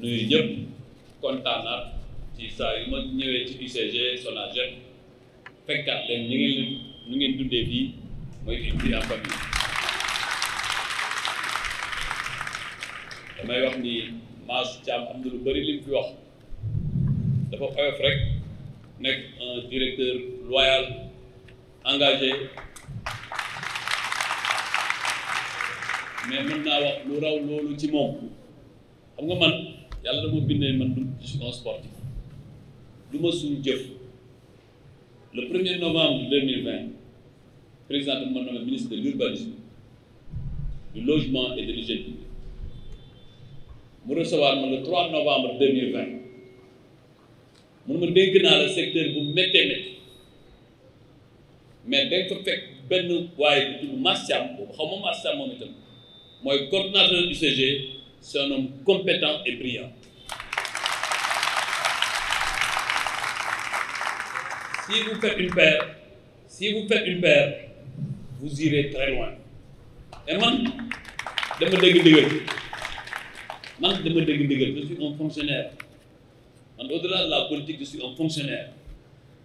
nuyu ñëpp kontaanaat ci saa yu ma ñëwee ci UCG Sonaged fekkaat leen damay wax ni Mass Thiam am na lu bëri li fi wax dafa oyof rek nekk directeur loyal engagé mais mën naa wax lu raw loolu ci moom xam nga man yàlla dama bindee man du je suis un sportif du ma suñu jëf le premier novembre deux mille vingt président ma ministre de l'urbanisme du logement et de l'hygiène publique mu recevoir ma le 3 novembre mun ma dégg naa la secteur bu méttee métti mais dañ ko fekk benn waaye bu tudd Massiam boobu xaw ma mooy coordonnateur du CG c'est un homme compétent et brillant si vous faites une paire si vous faites une paire vous irez très loin et man dama dégg ndigal man dama dégg ndigal je suis un fonctionnaire man au-delà de la politique je suis un fonctionnaire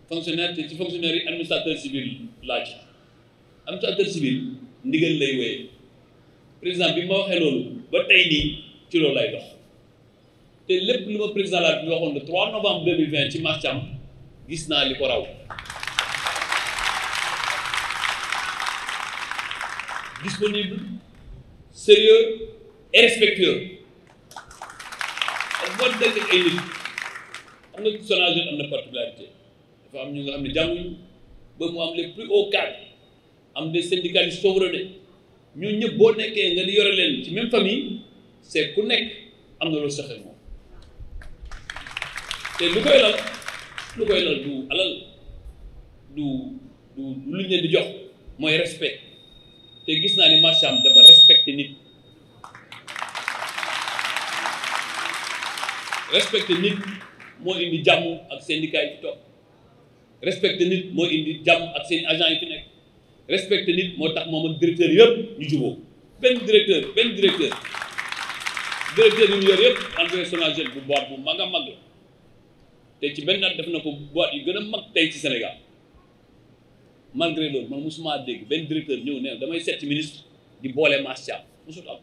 fonctionnaire te ci fonctionnaire yi administrateur civil laa ci administrateur civil ndigal lay wéy président bi moo waxee loolu ba tey nii ci loolu lay dox te lépp lu ma président la bi novembre ci march am gis naa li ko raw disponible sérieux et respectueux ak boo dëgg ay nit am na particularité dafa am ñu nga xam ne jànguñu ba mu am les plus hauts cadres am des syndicalistes chevronnés ñoo ñëpp boo nekkee nga di yore leen ci même famille c'est ku nekk am na loolu soxal moom te lu koy lal lu koy lal du alal du du lu ñu leen di jox mooy respect te gis naa ni marchand dafa respecté nit respecté nit moo indi jàmm ak syndicat yi fi moo indi jàmm ak seen agent yi fi nekk respecté nit moo tax moom ak directeur yëpp ñu juboo benn directeur benn directeur directeur yi ñu yor yëpp André Sonaged bu boîte bu mag a mag te ci benn at def na ko boîte yu gën a mag tey ci Sénégal malgré loolu man mosuma dégg benn directeur ñëw nee damay seet ministre di boole Mass Thiam mosut am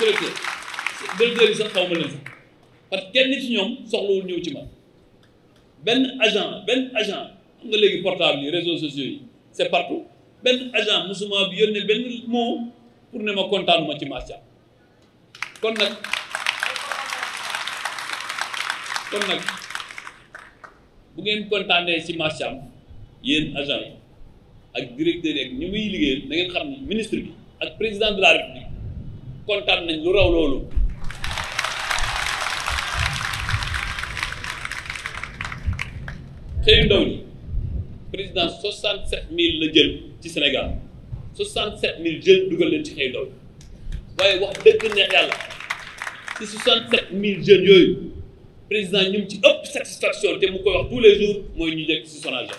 directeur directeur yi sax xaw ma leen sax parce que kenn ci ñoom soxlawul ñëw ci man benn agent benn agent xam nga léegi portable yi réseaux sociaux yi c'est partout benn agent musuma bi yónnee benn mot pour ne ma kontaanuma ci Mass kon nag kon nag bu ngeen kontaanee ci Mass yéen agent yi ak directeur yi ak ñi muy liggéeyal da ngeen xam ne ministre bi ak président de la république nañ lu raw loolu xëyu ndaw ñi président 67000 la jël ci Sénégal mille jël dugal leen ci xëy ndaw waaye wax dëgg neex yàlla ci 67000 jeunes yooyu président ñu ngi ci ëpp satisfaction te mu koy wax tous les jours mooy ñu jëkk ci Sonaged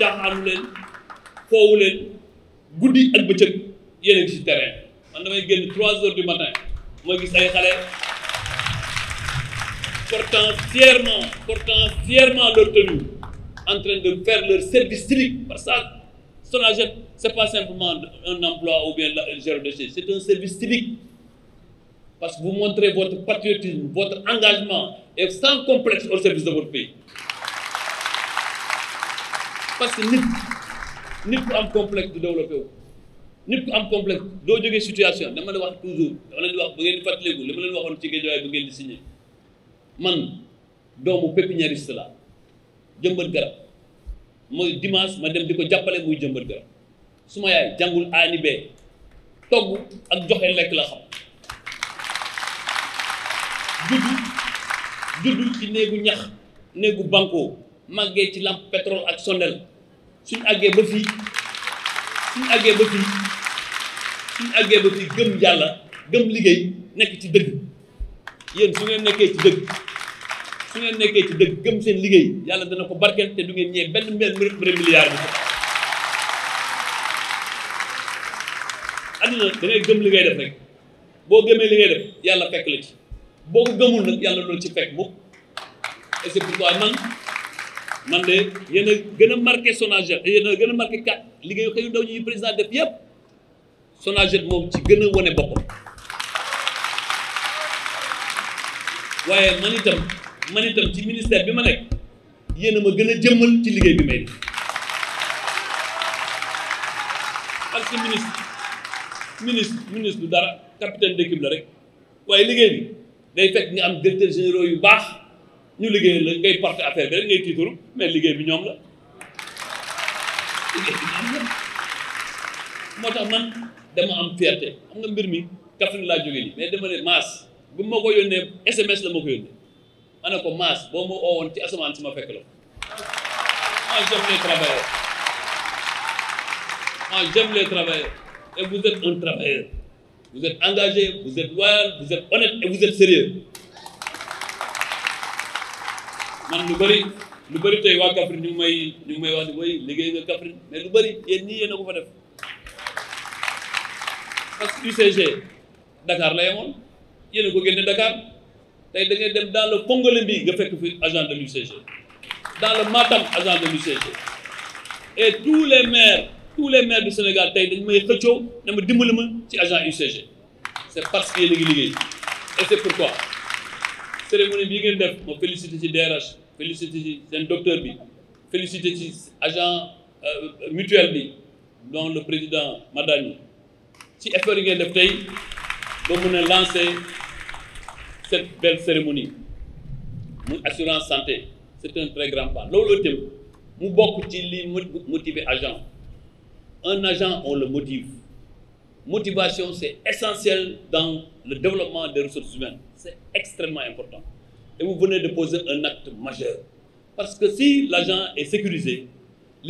caaxaanu leen foowu leen guddi ak bëccëg yéen a ci terrain man damay génn 3 heures du matin mooy gis ay xale. portant fièrement, portant fièrement leur tenue, en train de faire leur service civique. Parce que Sonaged, ce n'est pas simplement un emploi ou bien le gérant de c'est un service civique. Parce que vous montrez votre patriotisme, votre engagement, e sans complexe au service de votre pays. Parce que nit nit ku am complexe du développé wu nit ku am complexe doo jógee situation dama la wax toujours dama leen di wax ba ngeen di fàttaliku li ma leen waxoon ci géej waaye ba ngeen di signé. man doomu pépiniériste la jëmbat garab mooy dimanche ma dem di ko jàppale muy jëmbët garab su ma yaay jàngul aani bee togg ak joxe lekk la xam juddu juddu ci néegu ñax néegu banko màggee ci lampe pétrole ak sondel suñ àggee ba fii suñ àggee ba fii suñ àggee ba fii gëm yàlla gëm liggéey nekk ci dëgg yéen su ngeen nekkee ci dëgg su ngeen nekkee ci dëgg gëm seen liggéey yàlla dana ko barkeel te du ngeen ñëwee benn mel mën milliard bi adduna da ngay gëm li ngay def rek boo gëmee li ngay def yàlla fekk la ci boo ko gëmul nag yàlla loolu ci fekk mukk et c'est pourquoi man man de yéen a gën a marqué Sonaged yéen a gën a marqué kat liggéeyu xëyu ndaw ñi président def yëpp Sonaged moom ci gën a wane boppam waaye man itam man itam ci ministère bi ma nekk yéen a ma gën a jëmmal ci liggéey bi may def parce que ministre ministre ministre du dara capitaine d'équipe la rek waaye liggéey bi day fekk nga am directeur généraux yu baax ñu liggéey la ngay porter affaire bi rek ngay tiitaru mais liggéey bi ñoom la moo tax man dama am fierté xam nga mbir mi Kaffrine laa jógee nii mais dama ne maas bu ma ko yónnee SMS la ma ko yónnee. ma ne ko maas boo ma woo woon ci ma fekk la moi j'aime les travailleurs moi j'aime les travailleurs et vous êtes un travailleur vous êtes man lu bari lu bëri tey waa Kaffrine ñu ngi may ñu ngi may wax ni way liggéey nga Kaffrine mais lu bëri yéen ñii yéen ko fa def parce que Dakar la yemoon yéen a ko Dakar tey da dem dans le bi nga fekk fi agent de l'UCG dans le Matam agent de l'UCG et tous les maires tous les maires du Sénégal tey dañ may xëccoo ne ma dimbali ma ci agent UCG c'est parce que yéen a ngi liggéey et c'est pourquoi cérémonie bi ngeen def ma félicité ci DRH félicité ci seen docteur bi félicité ci agent euh, mutuel bi dont le président Madani ci effort yi ngeen def tey ba mën a lancer cette belle cérémonie mu assurance santé c'est un très grand pas loolu itam mu bokk ci li motiver agent un agent on le motive motivation c'est essentiel dans le développement des ressources humaines c'est extrêmement important et vous venez de poser un acte majeur parce que si l'agent est sécurisé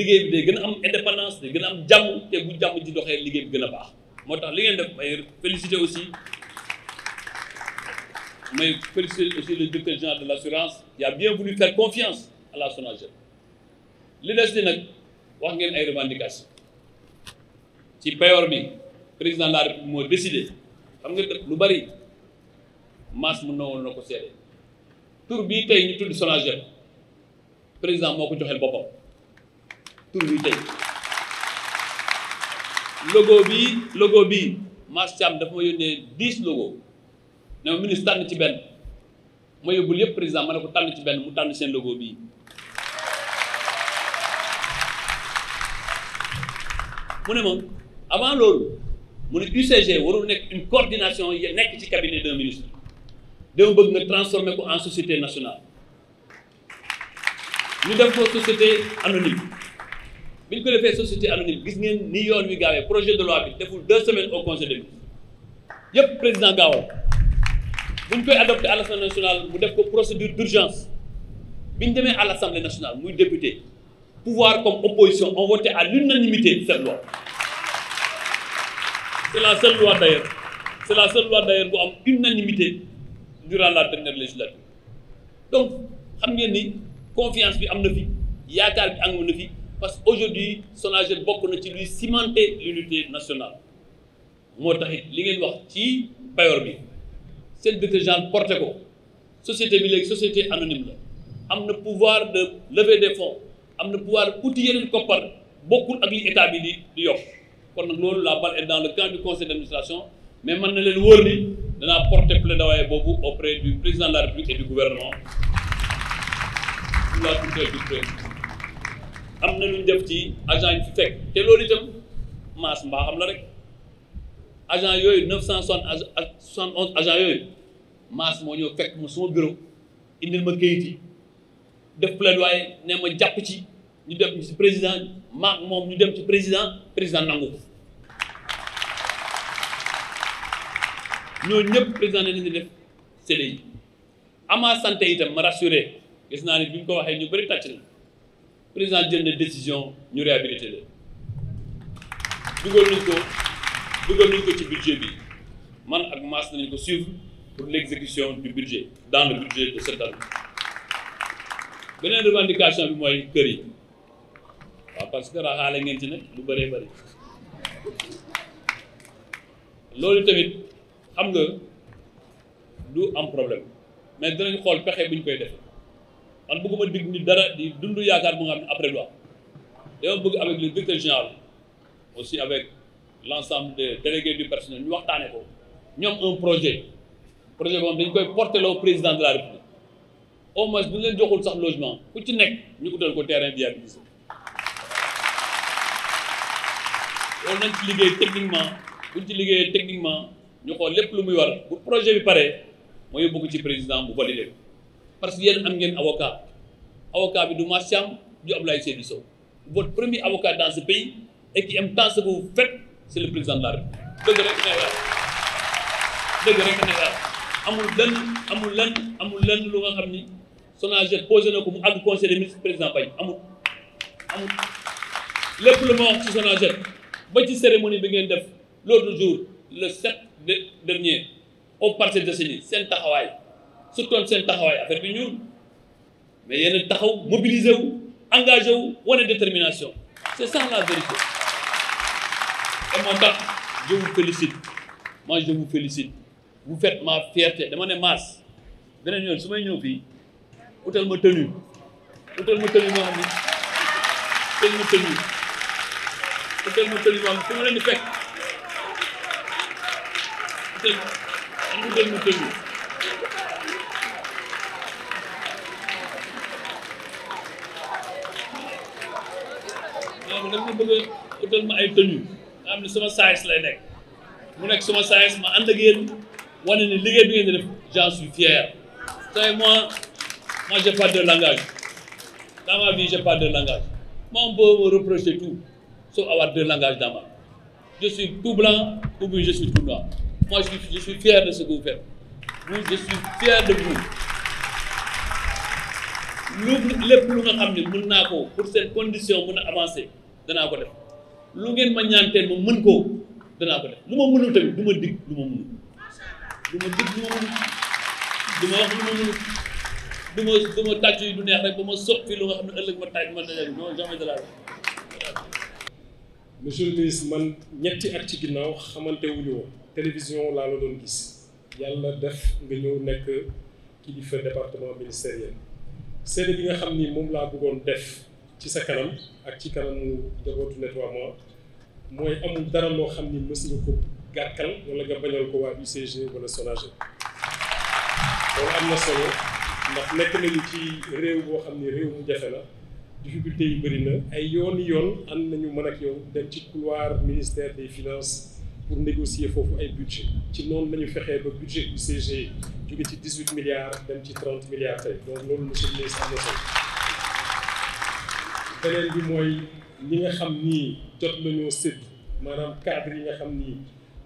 liggéey bi day gën a am indépendance day gën a am jàmm te bu jàmm ji doxee liggéey bi gën a baax moo tax li ngeen def may féliciter aussi mais félicite aussi le directeur de l'assurance qui a bien voulu faire confiance à la SONAGED li des ni nag wax ngeen ay revendication ci payoor bi président de la République moo décidé xam nga lu bari masse mu noonu la ko seede tur bii tey ñu tudd SONAGED président moo ko joxee boppam tur bii tey logo bii logo bii masse Thiam dafa ma yónnee dix logo ne ma ministre tànn ci benn ma yóbbul yëpp président ma ne ko tànn ci benn mu tànn seen logo bii mu ne moom avant loolu mu ne UCG warul nekk une coordination yi nekk ci cabinet d'un ministre dama bëgg nga transformer ko en société nationale ñu def ko société anonyme bi ñu ko defee société anonyme gis ngeen ni yoon wi gaawee projet de loi bi deful deux semaines au conseil des ministres yëpp président gaawal bu ñu koy adopté à l'Assemblée nationale mu def ko procédure d'urgence bi ñu demee à l'Assemblée nationale muy député pouvoir comme opposition ont voté à l'unanimité cette loi c'est la seule loi d'ailleurs c'est la seule loi d'ailleurs bu am unanimité durant la dernière législature donc xam ngeen ni confiance bi am na fi yaakaar bi am na fi parce que aujourd'hui Sonaged bokk na ci luy cimenter l'unité nationale moo taxit li ngeen wax ci payor bi seen directeur général porté ko société bi léegi société anonyme la am na pouvoir de lever des fonds am na pouvoir outil yeneen koppar bokkul ak li état bi di di yokk kon loolu la balle est dans le camp du conseil d' administration mais mën na leen wóor ni danaa porté plaidoyer boobu auprès du président de la république et du gouvernement sous la tutelle du président am na lu ñu def ci agent yi fi fekk te loolu itam maas mbaa xam la rek agent yooyu neuf cent soixante onze agent yooyu maas moo ñëw fekk ma sama bureau indil ma kayit yi def plaidoyer ne ma jàpp ci ñu dem ci président ma moom ñu dem ci président président nangu ko ñoo ñëpp président ne nañu def CDI ama santé itam ma rassuré gis naa ne bi ñu ko waxee ñu bëri tàcc na président jël na décision ñu réhabilité leen dugal nañ ko dugal nañ ko ci budget bi man ak maas nañ ko suivre pour l'exécution du budget dans le budget de cette année beneen revendication bi mooy kër yi waaw parce que raxaale ngeen ci nag lu baree bëri loolu tamit xam nga du am problème mais dinañ xool pexe bu ñu koy def man bëgguma dig ni dara di dund yaakaar bu nga xam ne après lu am dama bëgg avec le directeur général aussi avec l' ensemble des délégués du personnel ñu waxtaane ko ñoom un projet projet boobu dañ koy porter loo président de la république au moins bu ñu leen joxul sax logement ku ci nekk ñu ko utal ko terrain viabilisé loolu nañ ci liggéey techniquement kuñ ci liggéey techniquement ñu xool lépp lu muy war bu projet bi pare mooy yóbbu ci président bu validé ko parce que yéen am ngeen avocat avocat bi du Mass Thiam du Abdoulaye Seydou Sow votre premier avocat dans ce pays et qui c'est le président de la République dëgg amul lenn amul lenn lu nga xam ni SONAGED posé na ko mu àgg conseil des ministres président bañ amul amul lépp lu ma wax ci SONAGED ba ci cérémonie bi ngeen def l'autre jour le 7 de dernier au de Assainies seen taxawaay surtout seen taxawaay affaire bi ñuul mais yéen taxaw mobiliser wu engagé wu wane détermination c'est ça la loolu moo tax je vous félicite moi je vous félicite vous faites ma fierté dama ne masse beneen yoon su may ñëw fii utal ma tenue utal ma tenue moo ma tenue utal ma tenue moo ma leen di ma tenue ay tenue nga xam ne suma science lay nekk mu nekk suma science ma ànd ak yéen wane ne liggéey bi ngeen di def j'en suis fier tey moi moi j'ai pas de langage dans ma vie pas de langage moi on peut tout sauf avoir deux langages dans je suis tout blanc ou bien je suis tout noir moi je suis fier de ce que je suis fier de vous. lu lépp lu nga xam ne mën naa ko pour seen condition mën a avancer danaa ko def. lu ngeen ma ñaanteel ma mën koo danaa ko def lu ma mënul tamit du ma dig lu ma mënul du ma dig lu ma wax lu ma mënul du ma du ma tàcc yi du neex rek ba ma soppi lu nga xam ne ëllëg ma tàcc ma dajal non jamais de man ñetti at ci ginnaaw xamante wuñu woon télévision laa la doon gis yàlla def nga ñëw nekk kilifa département ministériel seede bi nga xam ni moom laa bëggoon def ci sa kanam ak ci kanamu njabootu nettoiement mooy amul dara loo xam ni mës ko gàkkal wala nga bañal ko waa UCG wala SONAGED loolu am na solo ndax nekk nañu ci réew boo xam ni réew mu jafe la difficulté yi bëri na ay yoon yoon ànd nañu mën ak yow dem ci couloir ministère des finances pour négocier foofu ay budget ci noonu lañu fexee ba budget UCG jóge ci dix huit milliards dem ci trente milliards tey donc loolu monsieur le ministre am na solo beneen bi mooy ñi nga xam ni jot nañoo sédd maanaam cadre yi nga xam ni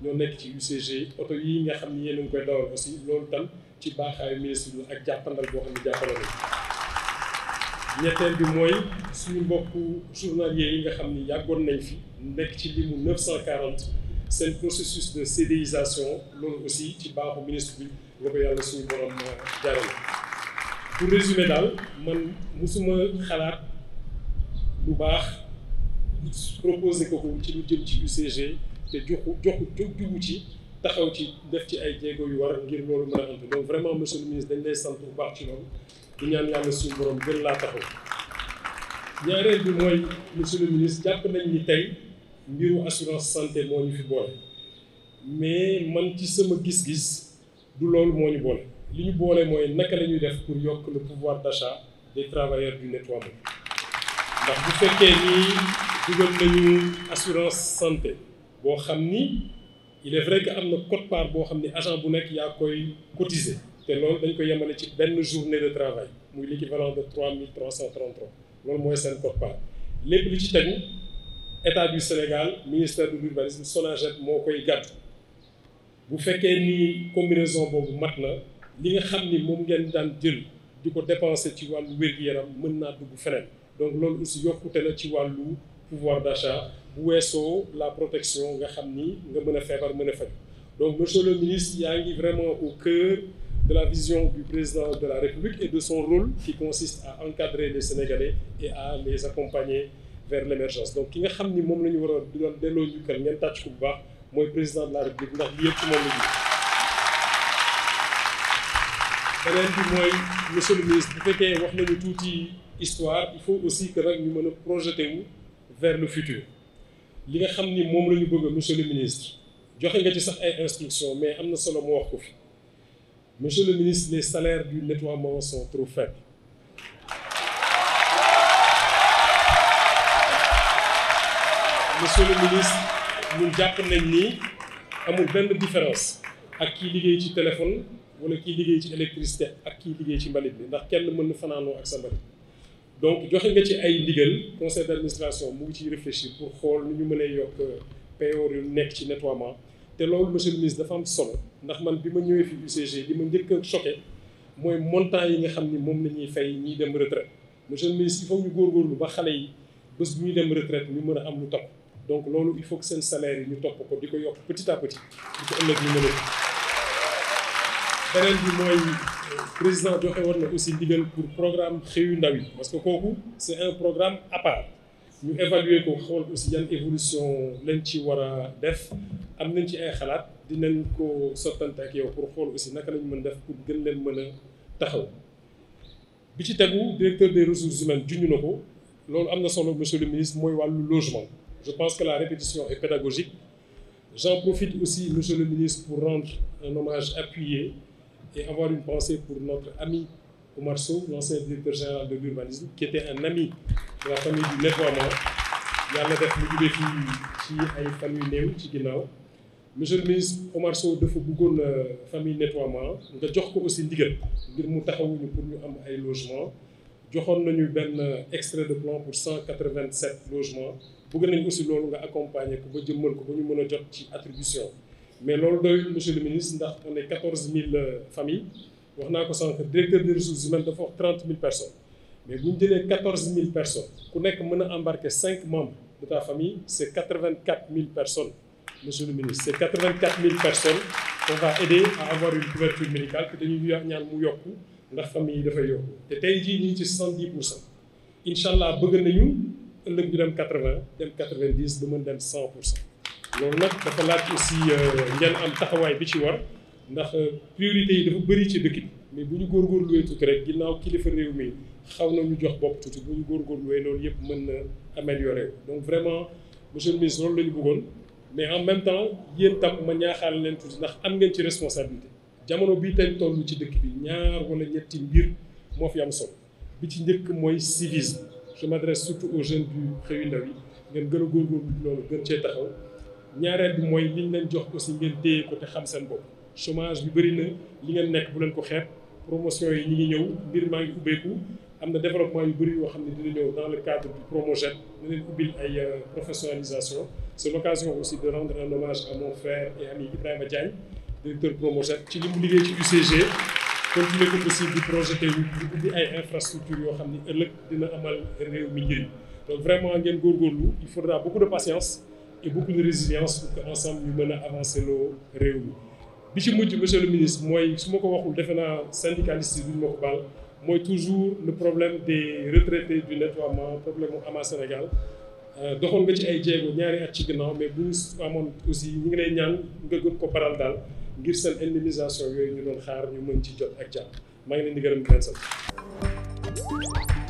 ñoo nekk ci UCG oto yi nga xam ni yéen a ngi koy dawal aussi loolu tam ci baaxaayu ministre bi ak jàppandal boo xam ne jàppale na ñetteel bi mooy suñu mbokku journalier yi nga xam ni yàggoon nañ fi nekk ci limu 940 seen processus de CDIsation loolu aussi ci baaxu ministre bi nga ko yàlla suñu borom jaarale. pour résumer daal man musuma xalaat. lu baax proposé ko ko ci lu jëm ci UCG te joxu joxu jugu ci taxaw ci def ci ay jéego yu war ngir loolu mën a antu donc vraiment monsieur le ministre dañ lay sant bu baax ci loolu di ñaan yàlla suñu borom gën laa taxaw ñaareel bi mooy monsieur le ministre jàpp nañ ni tey mbiru assurance santé moo ñu fi boole mais man ci sama gis-gis du loolu moo ñu boole li ñu boole mooy naka la ñuy def pour yokk na pouvoir d'achat des travailleurs du nettoiement ndax bu fekkee ni dugal nañu assurance santé boo xam ni il est vrai que am na quote boo xam ni agent bu nekk yaa koy cotiser te loolu dañ koy yemale ci benn journée de travail muy l'équivalent de trois mille trois cent trente-trois loolu mooy seen quote lépp li ci tegu état du Sénégal ministère de l'urbanisme SONAGED moo koy gàddu bu fekkee ni combinaison boobu mat na li nga xam ni moom ngeen daan jël di ko dépenser ci wàllu wér-gu-yaram mën naa dugg feneen donc loolu aussi yokkute na ci wàllu pouvoir d'achat bu weesoo la protection nga xam ni nga mën a feebar mën a faj donc monsieur le ministre yaa ngi vraiment au cœur de la vision du président de la République et de son rôle qui consiste à encadrer les Sénégalais et à les accompagner vers l'émergence donc ki nga xam ni moom la ñu war a delloo ñu kër ngeen tàcc ko bu mooy président de la République ndax li yëpp ci moom la ñu beneen bi mooy monsieur le histoire il faut aussi que nag ñu mën a vers le futur li nga xam ni moom la ñu bëgg monsieur le ministre joxe nga ci sax ay instructions mais am na solo mu wax ko fi monsieur le ministre les salaires du nettoiement sont trop faibles. monsieur le ministre ñun jàpp nañ ni amul benn différence ak kii liggéey ci téléphone wala kii liggéey ci électricité ak kii liggéey ci mbalit bi ndax kenn mën na fanaanoo ak sa mbalit. donc joxe nga ci ay ndigal conseil d'administration mu ngi ciy réfléchir pour xool nu ñu mënee yokk payoor yu nekk ci nettoiement te loolu monsieur le ministre dafa am solo ndax man bi ma ñëwee fi UCG li ma njëkk a choqué mooy montant yi nga xam ni moom la ñuy fay ñiy dem retraite monsieur le ministre il foog ñu góor góorgóorlu ba xale yi bés bu ñuy dem retraite ñu mën a am lu topp donc loolu il faut que seen salaire yi ñu topp ko di ko yokk petit à petit di ko ñu mën beneen bi mooy président joxe woon na aussi ndigal pour programme xëyu ndaw yi parce que kooku c'est un programme à part ñu évaluer ko xool aussi yan évolution lañ ci war a def am nañ ci ay xalaat di dinañ ko sottante ak yow pour xool aussi naka lañu mën def pour gën leen mën a taxaw bi ci tegu directeur des ressources humaines junj na ko loolu am na solo monsieur le ministre mooy wàllu logement je pense que la répétition est pédagogique j'en profite aussi monsieur le ministre pour rendre un hommage et avoir une pensée pour notre ami Omar Sow, l'ancien directeur général de l'urbanisme, qui était un ami de la famille du nettoiement yàlla def mu jugee fii ci ay fan yu néew ci ginnaaw monsieur le ministre Omar Sow dafa bëggoon euh, famille nettoiement nga jox ko aussi ndigal ngir mu taxawuñu pour ñu am ay logement joxoon nañu benn euh, extrait de plan pour cent quatre vingt sept logements bëgg nañ aussi loolu nga accompagner ko ba jëmmal ko ba ñu mën a jot ci attribution mais loolu doyul monsieur le ministre ndax on est quatorze mille euh, familles wax naa ko sànq directeur des ressources humaines dafa wax trente mille personnes mais bu ñu jëlee quatorze mille personnes ku nekk mën a embarquer cinq membres de ta famille c' quatre vingt quatre mille personnes monsieur le ministre c' est quatre vingt quatre mille personnes qu'on va a à avoir une couverture médicale te dañuy ñaan mu yokku ndax famille yi dafay te tey jii ñu ngi ci soixante dix pour cent incha ñu dem quatre vingt dem quatre vingt dix ba loolu nag dafa laaj aussi euh, ngeen am taxawaay bi ci war ndax euh, priorité yi dafa bëri ci dëkk bi mais bu ñu góorgóorluwee tuuti rek ginnaaw kilifa réew mi xaw na ñu jox bopp tuuti bu ñu góorgóorluwee loolu yëpp mën na améliorer donc vraiment monsieur le ministre loolu lañu ñu bëggoon mais en même temps yéen tam ma ñaaxaal leen tuuti ndax am ngeen ci responsabilité jamono bii tey toll ci dëkk bi ñaar wala ñetti mbir moo fi am solo bi ci njëkk mooy civisme je m'adresse surtout aux jeunes du xëyu ndaw yi a góorgóorlu loolu gën cee taxaw ñaareel bi mooy liñ leen jox si ngeen téye ko te xam seen bopp chômage bi bëri na li ngeen nekk bu leen ko xeeb promotion yi ñi ngi ñëw mbir maa ngi ubbeeku am na développement yu bëri yoo xam ne dina ñëw dans le cadre du Promojet na leen ubbil ay euh, professionnalisation c'est l'occasion aussi de rendre un hommage à mon et ami Ibrahima Diagne directeur Promojet ci li mu liggéey ci UCG continuer ko aussi di projeté wu ubbi ay infrastructures yoo xam ne ëllëg dina amal réew mi njëriñ donc vraiment ngeen góorgóorlu il et beaucoup de résilience pour que ensemble ñu mën a avancer loo réew mi bi ci mujj monsieur le ministre mooy su ma ko waxul defe naa syndicaliste yi duñ ma ko baal mooy toujours le problème des retraités du nettoiement problème mu ama Sénégal euh, doxoon nga ci ay jéego ñaari at ci ginnaaw mais bu amoon aussi ñu ngi lay ñaan nga gën ko baral daal ngir seen indemnisation yooyu ñu doon xaar ñu mën ci jot ak jàpp maa ngi leen di gërëm di leen sant